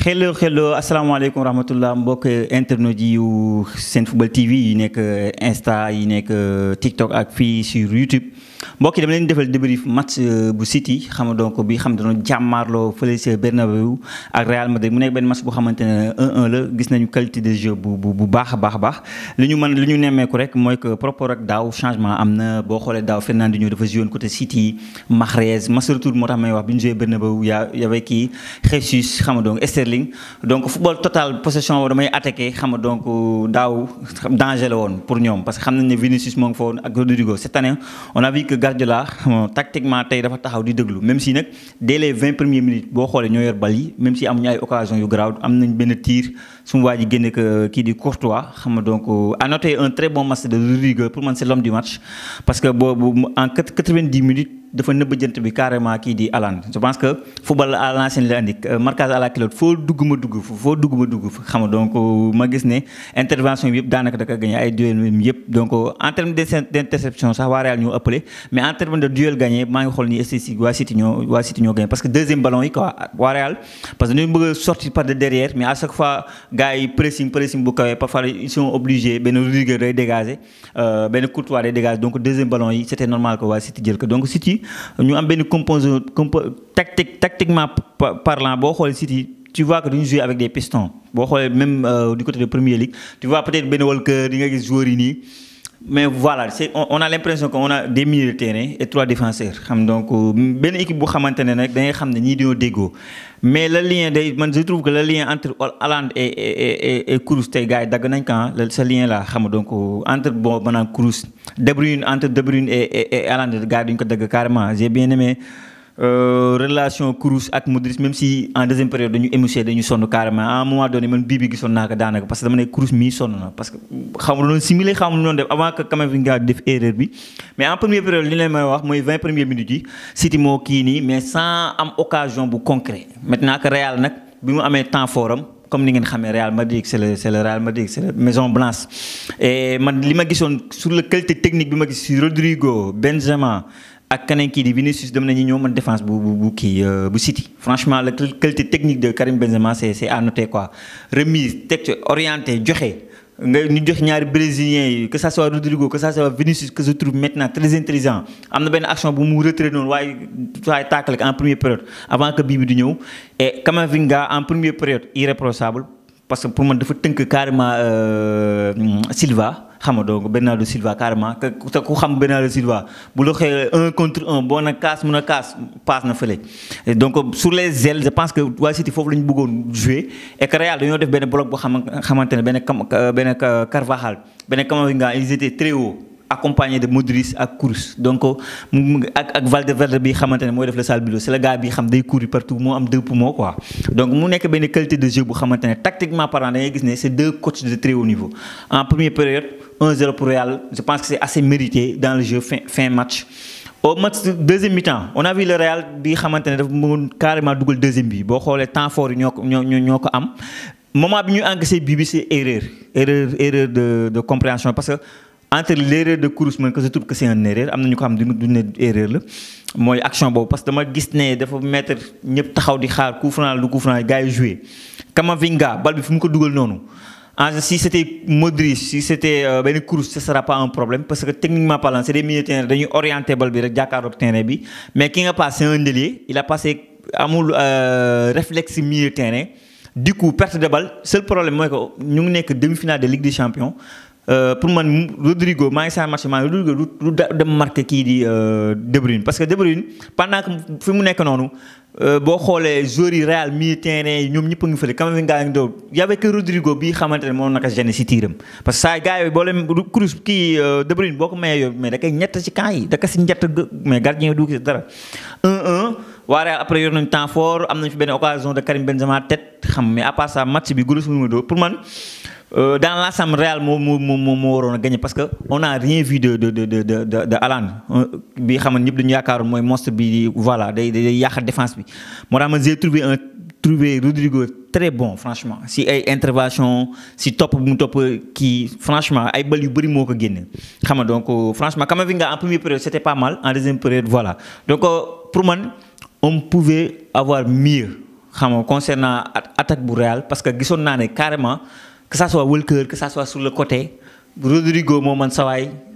xelo hello asalaamaaleykum rahmatullah mbokk internet yi yu seen football TV yi nekk Insta yi nekk TikTok ak fii sur YouTube. mbokk yi dama leen defal débrief match euh, bu City xam nga donc bi xam dañu jàmmaarloo fële ci Bernabeu ak Real Madrid mu nekk benn match bu xamante ne 1-1 la gis nañu qualité de jeu bu bu bu baax a baax baax li ñu mën li ñu nemmeeku rek mooy que par rapport ak daaw changement am na boo xoolee daaw Fernandinho dafa joué côté City Mahrez match retour moo tax may wax bi ñu joué Bernabeu yaa y'avait kii Jesus xam nga donc Sterling donc football total possession damay attaqué xam nga donc daaw danger la woon pour ñoom parce que xam nañ ne Vinicius moo ngi fa ak Rodrigo cette année on a vu que Guardiola tactiquement tay dafa taxaw di déglu même si nak dès les 20 premières minutes bo xolé ñoy yor bal même si am ñay occasion yu grave am nañ ben tir suñu waji ji que euh, ki di Courtois xam donc à euh, noter un très bon match de Rudiger pour man c'est l'homme du match parce que bo en 90 minutes dafa nëbb jënt bi carrément qui di alan je pense que football à l'ancienne le andi euh, marquage à la culotte faut dugg ma dugg faut dugg ma dugg xam donc euh, ma gis ne intervention bi danaka da ko gagné ay duel yëpp donc euh, en terme d'interception ça waa Real ñu appelé mais en terme de duel gagné ma ngi xol ni statistique waa City ñoo waa City ñoo gagné parce que deuxième ballon yi quoi wa Real parce que ñu bëgg sortir par de derrière mais à chaque fois gars yi pressing pressing bu pas parfois ils sont obligés ben Rudiger day dégager ben Courtois day dégager donc deuxième ballon yi c'était normal que wa City jël que donc City nous avons am tactiquement parlant City tu vois que nous jouons avec des pistons même euh, du côté de première ligue tu vois peut-être que ben Walker des nga mais voilà on, on a l'impression qu'on a des milieux de terrain et trois défenseurs xam donc ben équipe bu xamante nak nag xam ni ñii dégo mais le lien day man je trouve que le lien entre Haaland et et et et Cruz tey gars yi nañ kan ah, ce lien là xam donc euh, entre bon maanaam Kroos De Bruyne entre De Bruyne et et et gars duñ ko dagg carrément j'ai bien aimé. Euh, relation Kroos avec Moudris, même si en deuxième période dañu émoussé nous sommes carrément à un moment donné man Bibi qui est naa parce que dama ne Kroos mii sonn parce que xamul similaire similé avant noonu def avant que Camavinga def erreur bi mais en première période nous avons may wax vingt minutes City Mokini mais sans am occasion bu concret maintenant que Real nous bi mu temps forum, comme ni le Real Madrid c'est le c'est le Real Madrid c'est la Maison Blanche et man li ma sur la qualité technique bi Rodrigo Benzema ak keneen kii Vinicius dem nañu ñoo défense bu euh, bu City franchement la qualité technique de Karim Benzema c'est à noter quoi remise texte, orienté duré. Nous ñu jox brésiliens que ce soit Rodrigo que ce soit Vinicius que je trouve maintenant très intelligent am na action pour mu retirer, noonu en première période avant que Bibi bi ñëw et Kamavinga, en première période irréprochable parce que pour il faut que carrément euh, Silva xam Bernardo Silva carrément te ku Bernardo Silva bu un contre un bon un kaas mon a passe na fële. donc sur les ailes je pense que waa City foofu la ñu jouer et que Real dañoo def benn bloc boo xamante ne benn benn Carvajal benn Camavinga ils étaient très haut accompagné de Modric à Kourous. donc euh, ak ak Valverde bi moi je def la c'est le gars bi xam day courir partout moi am deux poumons quoi donc mu équipe qualité de jeu tactiquement parlant c'est deux coachs de très haut niveau en première période 1-0 pour Real je pense que c'est assez mérité dans le jeu fin match au match deuxième mi-temps on a vu le Real qui a carrément double deuxième bi boo le temps fort yi a am moment bi ñu encaissé c'est erreur erreur erreur de de compréhension parce que entre l'erreur de course que je trouve que c'est une erreur amna ñu ko xam du né erreur la moy action bobu parce que dama gis né dafa mettre ñep taxaw di xaar coup franc lu coup franc gars jouer joué. Kamavinga bal bi fi mu ko duggal nonu en si c'était Modric si c'était ben course ce sera pas un problème parce que techniquement parlant c'est des milieux de terrain dañuy orienté bal bi rek jàkkaarloog terrain bi mais ki nga passé un délier il a passé amul euh, réflexe milieu terrain du coup perte de balle seul problème moy que ñu sommes nekk demi finale de Ligue des Champions. Euh, pour man Rodrigo maa ngi saa marché maa ngi Rodrigo du dem marqué kii di euh, De Bruyne parce que De Bruyne fi mu nekk noonu euh, boo xoolee joueurs yi Real milieu terrain yi ñoom ñëpp a ngi fële ngi doon y avait Rodrigo bii xamante ne moo naka gêné si tiiram parce que saa gars yooyu boo leen Kroos kii De boo ko mayee yow mais da koy ñett ci camp yi da ko si ñett mais gardien du gis dara 1 waa Real après yor temps fort am nañu fi benn occasion de Karim Benzema Euh, dans l'ensemble réel on a gagné parce qu'on n'a rien vu de de de de de de Haaland euh, bi monstre bi voilà défense bi j'ai trouvé trouvé Rodrigo très bon franchement si une intervention si top bu franchement il bal yu bëri moo ko génne donc euh, franchement Camavinga en première période c'était pas mal en deuxième période voilà donc pour moi, on pouvait avoir mieux concernant l'attaque du Real parce que je naa carrément. que ça soit Walker que ça soit sur le côté Rodrigo moo man sawaay